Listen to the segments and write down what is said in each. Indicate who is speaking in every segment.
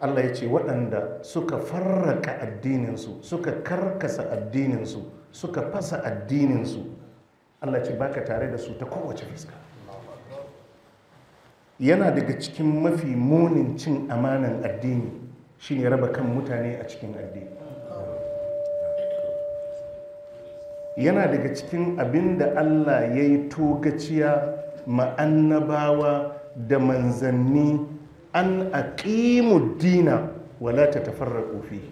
Speaker 1: Allah ya ce waɗanda suka farraka addininsu suka karkasa addininsu suka fasa addininsu Allah ce baka tare da su ta kowace fuska yana daga cikin mafi munin cin amanan addini shine raba kan mutane a cikin addini yana daga cikin abinda Allah ya yi togaciya ma'annabawa da manzanni an aqimu dina wala tatafarraqu fihi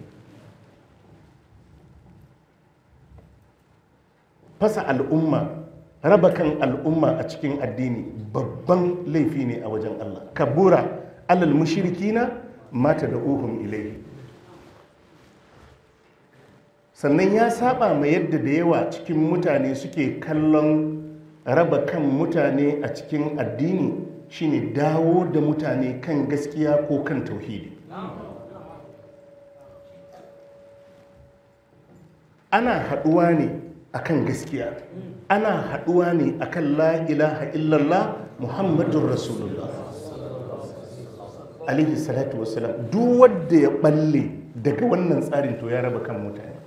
Speaker 1: fasa al'umma raba kan al'umma a cikin addini babban laifi ne a wajen Allah kabura alal na, mata da uhun ilai sannan ya saba ma yadda da yawa cikin mutane suke kallon raba kan mutane a cikin addini shine dawo da mutane kan gaskiya ko kan tauhidi ana haɗuwa ne akan gaskiya ana haɗuwa ne akan la ilaha illallah muhammadun rasulullah Alihi salatu salam. duk wanda ya balle daga wannan tsarin to ya raba kan mutane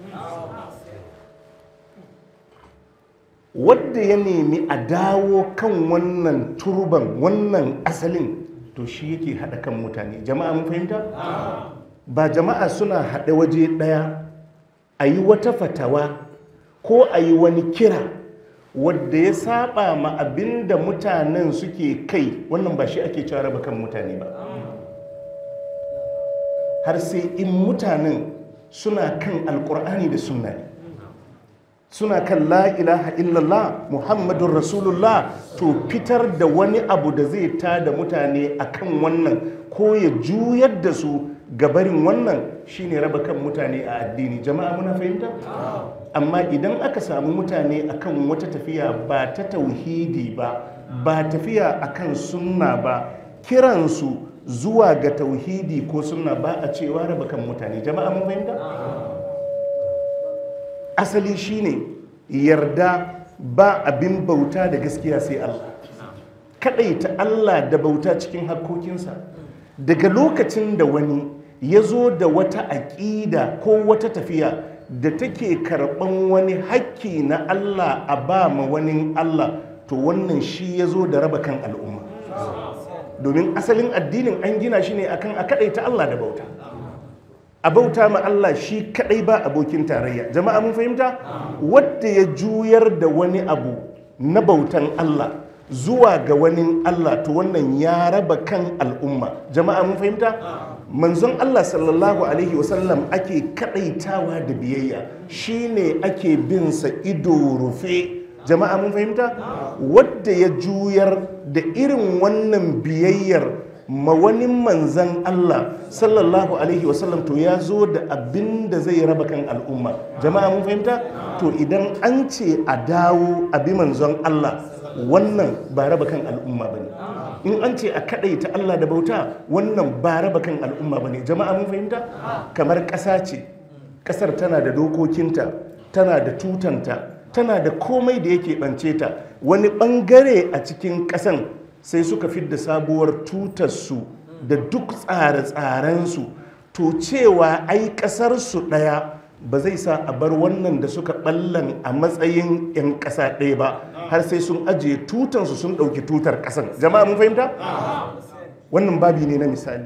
Speaker 1: wadda ya nemi a dawo kan wannan turban wannan asalin to shi yake haɗa kan mutane jama'a mun fahimta ba jama'a suna haɗe waje ɗaya a yi wata fatawa ko a yi wani kira wadda ya saba ma abin da mutanen suke kai wannan ba shi ake cewa raba kan mutane ba har sai in mutanen suna kan alkur'ani da sunna suna kan la ilaha illallah muhammadun rasulullah to fitar da wani abu da zai ta da mutane a kan wannan ko ya juyar da su gabarin wannan shine raba kan mutane a addini jama'a muna fahimta amma idan aka samu mutane a kan wata tafiya ba ta tauhidi ba ba tafiya a kan sunna ba kiransu zuwa ga tauhidi ko sunna ba a cewa raba kan mutane jama'a mun fahimta asali shine yarda ba abin bauta da gaskiya sai Allah kadaita Allah da bauta cikin harkokinsa daga lokacin da wani ya zo da wata aƙida ko wata tafiya da take karɓan wani hakki na Allah a ba ma wani Allah to wannan shi ya zo da raba kan al'umma domin asalin addinin an gina shi ne akan a kadaita Allah da bauta a bauta ma Allah shi kaɗai ba abokin tarayya jama'a mun fahimta wadda ya juyar da wani abu na bautan Allah zuwa ga wani Allah to wannan ya raba kan al'umma jama'a mun fahimta manzon Allah sallallahu alaihi wasallam ake kaɗaitawa da biyayya shine ake bin sa ido rufe jama'a mun fahimta wadda ya juyar da irin wannan biyayyar ma wani manzan Allah sallallahu alaihi wasallam to ya zo da abin da zai raba kan al'umma jama'a mun fahimta to idan an ce a dawo abi manzon Allah wannan ba raba kan al'umma bane in an ce a kadaita Allah da bauta wannan ba raba kan al'umma bane jama'a mun fahimta kamar ƙasa ce ƙasar tana da dokokinta tana da tutanta tana da komai da yake bance ta wani ɓangare a cikin ƙasan sai suka fidda sabuwar tutarsu da duk tsare-tsarensu to cewa ai ƙasarsu ɗaya ba zai sa a bar wannan da suka ɓallan a matsayin 'yan ƙasa ɗaya ba har sai sun ajiye tutansu sun ɗauki tutar ƙasan jama'a mun fahimta? wannan babi ne na misali